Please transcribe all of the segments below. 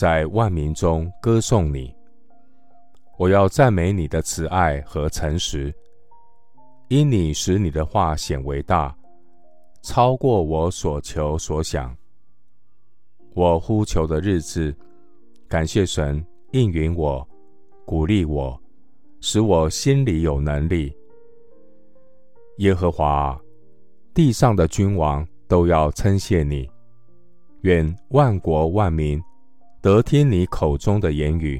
在萬民中歌頌你，我要讚美你的慈愛和誠實。因你使你的話顯為大，超過我所求所想。我呼求的日子，感謝神應允我，鼓勵我，使我心裡有能力。耶和華，地上的君王都要稱謝你，願萬國萬民。得聽你口中的言語，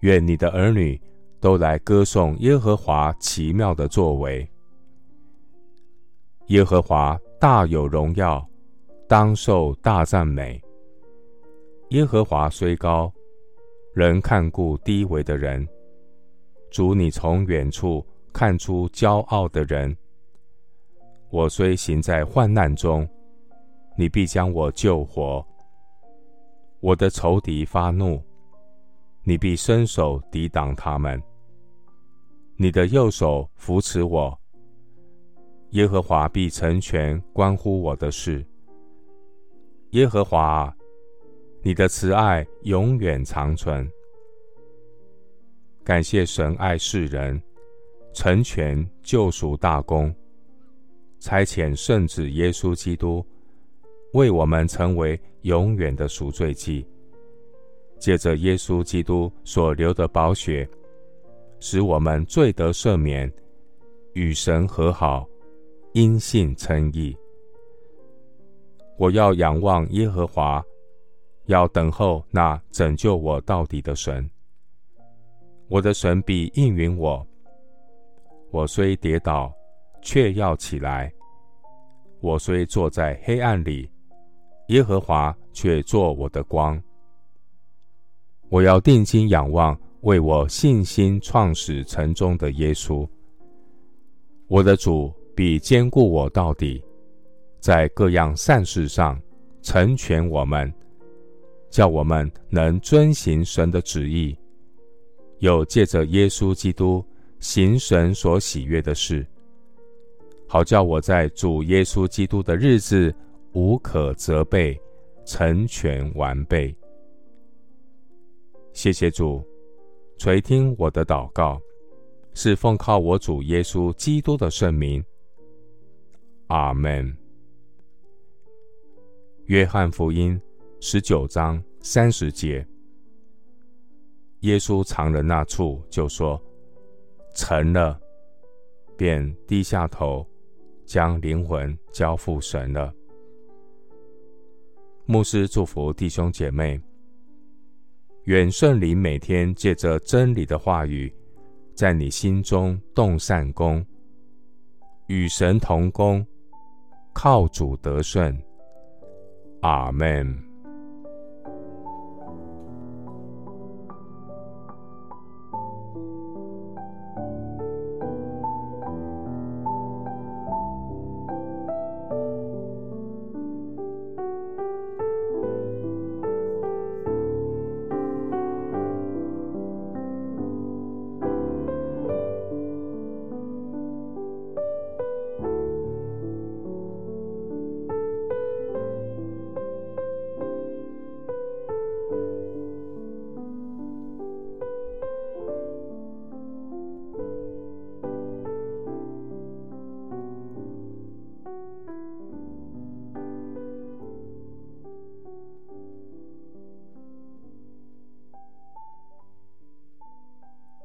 願你的兒女都來歌頌耶和華奇妙的作為。耶和華大有榮耀，當受大讚美。耶和華雖高，仍看顧低微的人。主，你從遠處看出驕傲的人。我雖行在患難中，你必將我救活。我的仇敵發怒，你必伸手抵擋他們。你的右手扶持我，耶和華必成全關乎我的事。耶和華，你的慈愛永遠長存。感謝神愛世人，成全救贖大功，差遣聖子耶穌基督。為我們成為永遠的贖罪祭，借着耶穌基督所流的寶血，使我們罪得赦免，與神和好，因信稱義。我要仰望耶和華，要等候那拯救我到底的神。我的神必應允我。我雖跌倒，卻要起來；我雖坐在黑暗裡。耶和華卻作我的光，我要定睛仰望，為我信心創始成終的耶穌。我的主必堅固我到底，在各樣善事上成全我們，叫我們能遵行神的旨意，又借着耶穌基督行神所喜悅的事，好叫我在主耶穌基督的日子無可責備，成全完備。謝謝主，垂聽我的禱告，是奉靠我主耶穌基督的聖名。阿門。約翰福音十九章三十節，耶穌嘗了那醋，就說：“成了。”便低下頭，將靈魂交付神了。牧師祝福弟兄姐妹，願聖靈每天借着真理的話語，在你心中動善工，與神同工，靠主得勝。阿門。